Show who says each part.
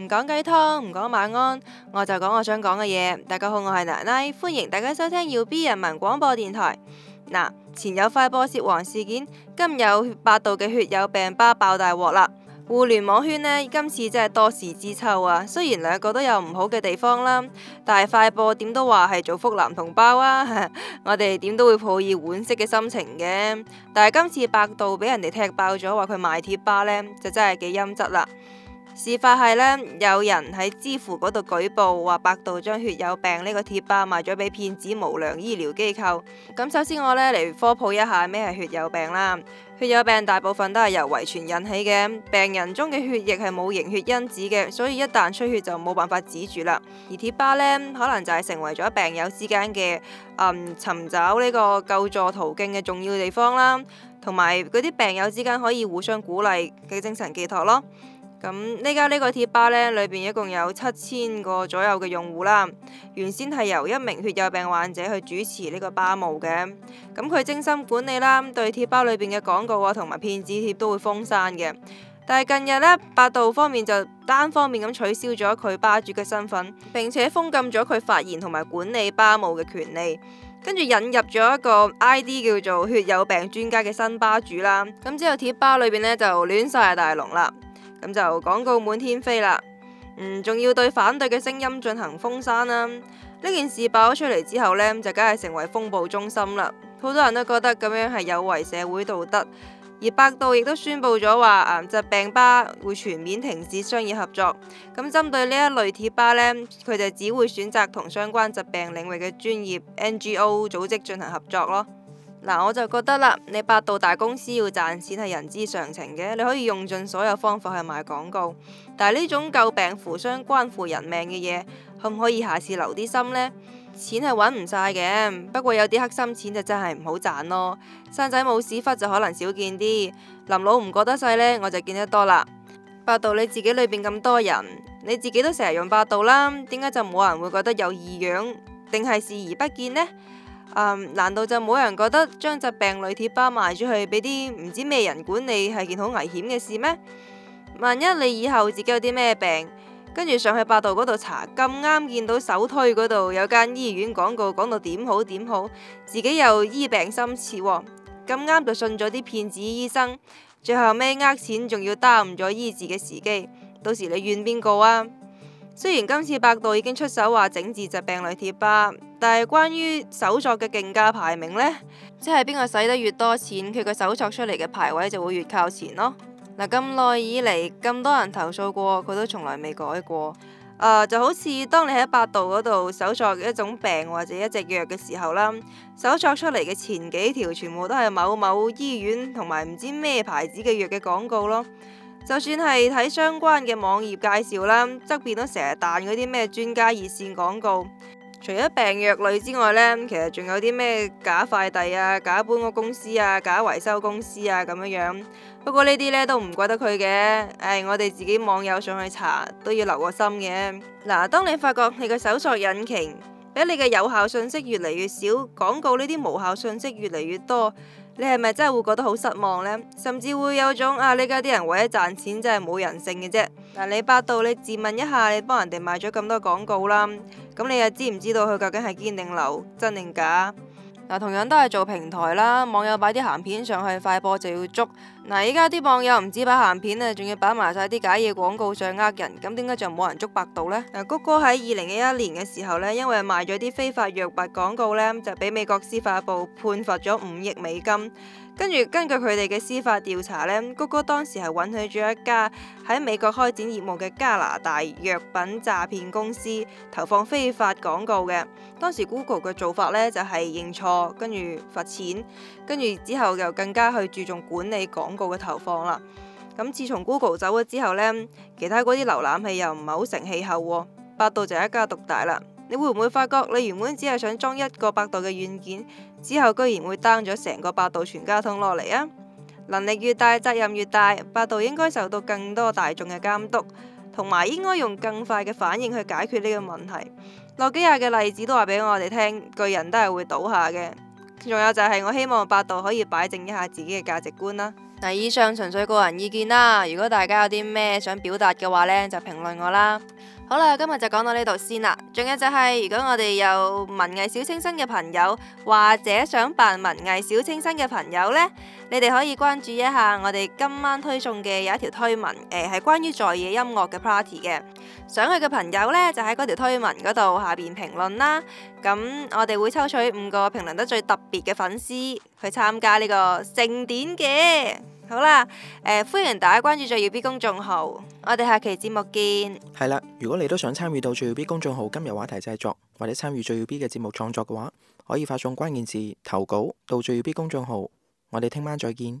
Speaker 1: 唔講雞湯，唔講晚安，我就講我想講嘅嘢。大家好，我係奶奶，歡迎大家收聽耀 B 人民廣播電台。嗱，前有快播涉黃事件，今有百度嘅血友病吧爆大鑊啦。互聯網圈呢，今次真係多事之秋啊。雖然兩個都有唔好嘅地方啦、啊，但係快播點都話係造福男同胞啊。 我哋點都會抱以惋惜嘅心情嘅。但係今次百度俾人哋踢爆咗，話佢賣貼吧呢，就真係幾陰質啦。事發係呢，有人喺支付嗰度舉報，話百度將血友病呢個貼吧賣咗俾騙子無良醫療機構。咁首先我呢，嚟科普一下咩係血友病啦。血友病大部分都係由遺傳引起嘅，病人中嘅血液係冇凝血因子嘅，所以一旦出血就冇辦法止住啦。而貼吧呢，可能就係成為咗病友之間嘅嗯尋找呢個救助途徑嘅重要地方啦，同埋嗰啲病友之間可以互相鼓勵嘅精神寄託咯。咁呢家呢個貼吧咧，裏邊一共有七千個左右嘅用戶啦。原先係由一名血友病患者去主持呢個吧務嘅。咁佢精心管理啦，咁對貼吧裏邊嘅廣告啊、同埋騙子貼都會封山嘅。但係近日呢，百度方面就單方面咁取消咗佢吧主嘅身份，並且封禁咗佢發言同埋管理吧務嘅權利，跟住引入咗一個 I D 叫做血友病專家嘅新吧主啦。咁之後貼吧裏邊呢，就亂晒大龍啦。咁就廣告滿天飛啦，嗯，仲要對反對嘅聲音進行封殺啦、啊。呢件事爆咗出嚟之後呢，就梗係成為風暴中心啦。好多人都覺得咁樣係有違社會道德，而百度亦都宣布咗話，疾病吧會全面停止商業合作。咁針對呢一類貼吧呢，佢就只會選擇同相關疾病領域嘅專業 NGO 組織進行合作咯。嗱，我就覺得啦，你百度大公司要賺錢係人之常情嘅，你可以用盡所有方法去賣廣告。但係呢種救病扶傷、關乎人命嘅嘢，可唔可以下次留啲心呢？錢係揾唔晒嘅，不過有啲黑心錢就真係唔好賺咯。生仔冇屎忽就可能少見啲，林老唔覺得細呢，我就見得多啦。百度你自己裏邊咁多人，你自己都成日用百度啦，點解就冇人會覺得有異樣，定係視而不見呢？嗯，難道就冇人覺得將疾病類貼吧賣咗去俾啲唔知咩人管理係件好危險嘅事咩？萬一你以後自己有啲咩病，跟住上去百度嗰度查，咁啱見到首推嗰度有間醫院廣告講到點好點好，自己又醫病心切，哦，咁啱就信咗啲騙子醫生，最後咩呃錢，仲要耽誤咗醫治嘅時機，到時你怨邊個啊？雖然今次百度已經出手話整治疾病類貼吧，但係關於搜索嘅競價排名呢，即係邊個使得越多錢，佢個搜索出嚟嘅排位就會越靠前咯。嗱，咁耐以嚟咁多人投訴過，佢都從來未改過。Uh, 就好似當你喺百度嗰度搜索一種病或者一隻藥嘅時候啦，搜索出嚟嘅前幾條全部都係某某醫院同埋唔知咩牌子嘅藥嘅廣告咯。就算係睇相關嘅網頁介紹啦，側邊都成日彈嗰啲咩專家熱線廣告，除咗病藥類之外呢，其實仲有啲咩假快遞啊、假搬屋公司啊、假維修公司啊咁樣樣。不過呢啲呢都唔怪得佢嘅，誒，我哋自己網友上去查都要留個心嘅。嗱，當你發覺你個搜索引擎俾你嘅有效信息越嚟越少，廣告呢啲無效信息越嚟越多。你係咪真係會覺得好失望呢？甚至會有種啊，你家而家啲人為咗賺錢真係冇人性嘅啫。但你百度，你自問一下，你幫人哋賣咗咁多廣告啦，咁你又知唔知道佢究竟係堅定流真定假？嗱，同樣都係做平台啦，網友擺啲鹹片上去，快播就要捉。嗱，依家啲網友唔止擺鹹片咧，仲要擺埋晒啲假嘢廣告上呃人，咁點解就冇人捉百度呢？嗱，谷歌喺二零一一年嘅時候，呢因為賣咗啲非法藥物廣告呢，就俾美國司法部判罰咗五億美金。跟住根據佢哋嘅司法調查呢 Google 當時係允許咗一家喺美國開展業務嘅加拿大藥品詐騙公司投放非法廣告嘅。當時 Google 嘅做法呢，就係認錯，跟住罰錢，跟住之後又更加去注重管理廣告嘅投放啦。咁自從 Google 走咗之後呢，其他嗰啲瀏覽器又唔係好成氣候喎，百度就一家獨大啦。你會唔會發覺你原本只係想裝一個百度嘅軟件，之後居然會 down 咗成個百度全家桶落嚟啊？能力越大，責任越大，百度應該受到更多大眾嘅監督，同埋應該用更快嘅反應去解決呢個問題。諾基亞嘅例子都話俾我哋聽，巨人都係會倒下嘅。仲有就係我希望百度可以擺正一下自己嘅價值觀啦。嗱，以上純粹個人意見啦。如果大家有啲咩想表達嘅話呢，就評論我啦。好啦，今日就講到呢度先啦。仲有就係、是，如果我哋有文藝小清新嘅朋友，或者想辦文藝小清新嘅朋友呢，你哋可以關注一下我哋今晚推送嘅有一條推文，誒、呃、係關於在野音樂嘅 party 嘅。想去嘅朋友呢，就喺嗰條推文嗰度下邊評論啦。咁我哋會抽取五個評論得最特別嘅粉絲去參加呢個盛典嘅。好啦，誒、呃，歡迎大家關注最耀 B 公眾號，我哋下期節目見。係啦，如果你都想參與到最耀 B 公眾號今日話題製作，或者參與最耀 B 嘅節目創作嘅話，可以發送關鍵字投稿到最耀 B 公眾號，我哋聽晚再見。